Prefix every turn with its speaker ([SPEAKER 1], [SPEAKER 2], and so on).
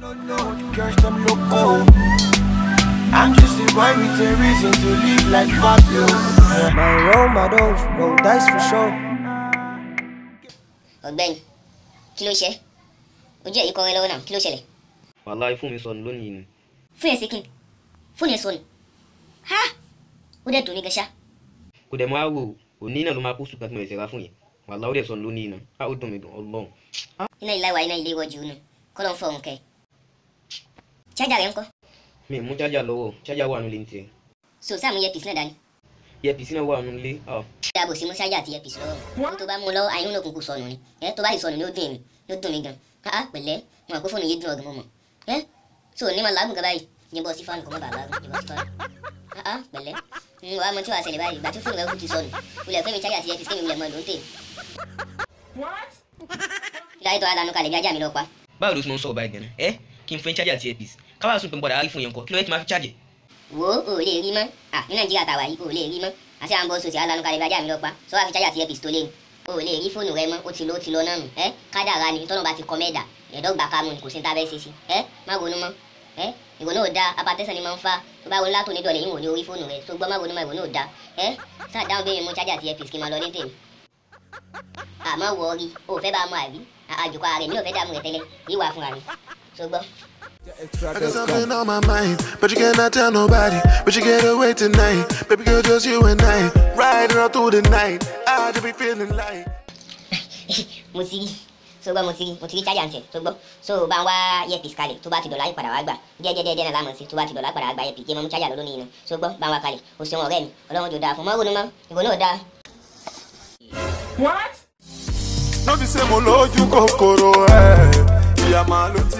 [SPEAKER 1] I'm just a boy with a reason to live like Fabio. My role models, roll dice for sure.
[SPEAKER 2] Ọ̀gbẹ́ni, kí ló she? Ojú you call hello now. kí ló ṣẹlẹ̀?
[SPEAKER 1] Wàláì fún mi sọnù lónìí ni.
[SPEAKER 2] Fún yẹn sí kí n, fún yẹn sọnù. Ha! Ó dẹ̀ dùn mí gan ṣá.
[SPEAKER 1] Kò dẹ̀ máa wò do my náà ló máa kó ṣùgbọ́n tí mo lè ṣẹ̀ra fún yẹn. Wàláì ó dẹ̀ sọnù lónìí náà, á ó dùn mí gan, ọlọ́run.
[SPEAKER 2] Iná ìlà wà iná ilé wọ́jú nù, kọ́lọ́ ń fọ̀hún kẹ́ẹ̀. Charger yangu.
[SPEAKER 1] Mimi mo charger lo, Charger wà nule nti.
[SPEAKER 2] So sa mo earpiece na dání. Earpiece na wà nule. Oh. Da bo si mo charger ti earpiece lọ́wọ́. Tó bá mú lọ ayun no kun ¿Eh? ku ah, ¿Eh? ni. Eh tó bá yi sọnù ni ó dùn mí. Ló dùn mí gan. Ah ah pẹ̀lẹ́. Mo ko phone yi dùn ogan mo Eh? So ni ma lagun ka báyìí. Ni bo si fan ko mo ba lagun. Ni bo si fan. Ah ah pẹ̀lẹ́. Mo wá mo ti wá ṣẹlẹ̀ báyìí. Ìgbà tí phone mi ku ti sọnù. Ó lè fẹ́ mi charger ti earpiece kemi mi le mo lo nte. What? Láyé tó a lanu kalẹ̀ bí ajá mi lọ pa.
[SPEAKER 1] Báwo ló ti mọ sọ̀rọ̀ báyìí gan-an? Ẹ́ kí n fẹ́ charger ti káwá sùn pé ń bọ̀dà rárí fún yẹn kọ kí ló yẹ kí n máa fi charge.
[SPEAKER 2] wo o lè rí mọ́ à ní nàìjíríà tàwa yìí o lè rí mọ́ àti àwọn bọ́ọ̀sì tí alanu kalẹ̀ bàjẹ́ àmì lọ́pa sọ wá fi charge àti epic tó lé o lè rí fóònù rẹ mọ́ ó ti lọ ó ti lọ náà nù ẹ́ kádàrá ni tọ́nà bá ti kọ mẹ́ẹ̀dà ẹ̀dọ́gba kámú ni kò sí ní tábẹ́ ṣeṣe ẹ́ má ronú mọ́ ẹ́ ìwọ náà da apatẹ́sán ni máa ń fa tó bá ronú látò nídọ̀lẹ́ yìí wò ní orí fóònù rẹ tó gbọ́ má ronú mọ́ ìwọ náà da ẹ́ sáà dáhùn bẹ́ẹ̀ mú charge àmọ́ wọ rí o fẹ́ bá mọ àbí àjòkọ ààrẹ mi ò fẹ́ dààmú rẹ tẹ́lẹ̀ yíwà fúnra mi ṣùgbọ́n I got something
[SPEAKER 1] on my mind, but you cannot tell nobody. But you get away tonight, baby girl, just you and I. Riding all through the night,
[SPEAKER 2] I just be feeling like. Musi, ti rí so gbọ́ mo ti rí mo ti rí chájà ǹtẹ̀ tó gbọ́ so bá ń wá earpiece kalẹ̀ tó bá ti dọ̀là ìpadà wá gbà díẹ̀díẹ̀díẹ̀ náà lámọ̀ sí tó bá ti dọ̀là ìpadà wá gbà earpiece mọ́ mú chájà lọ́lọ́ nìyẹn so gbọ́ bá ń wá kalẹ̀ o ṣeun ọ̀rẹ́ mi ọlọ́run jò dáa fún mọ́ what.
[SPEAKER 1] no be se mo lójú kòkòrò ẹ eh, ìyá màá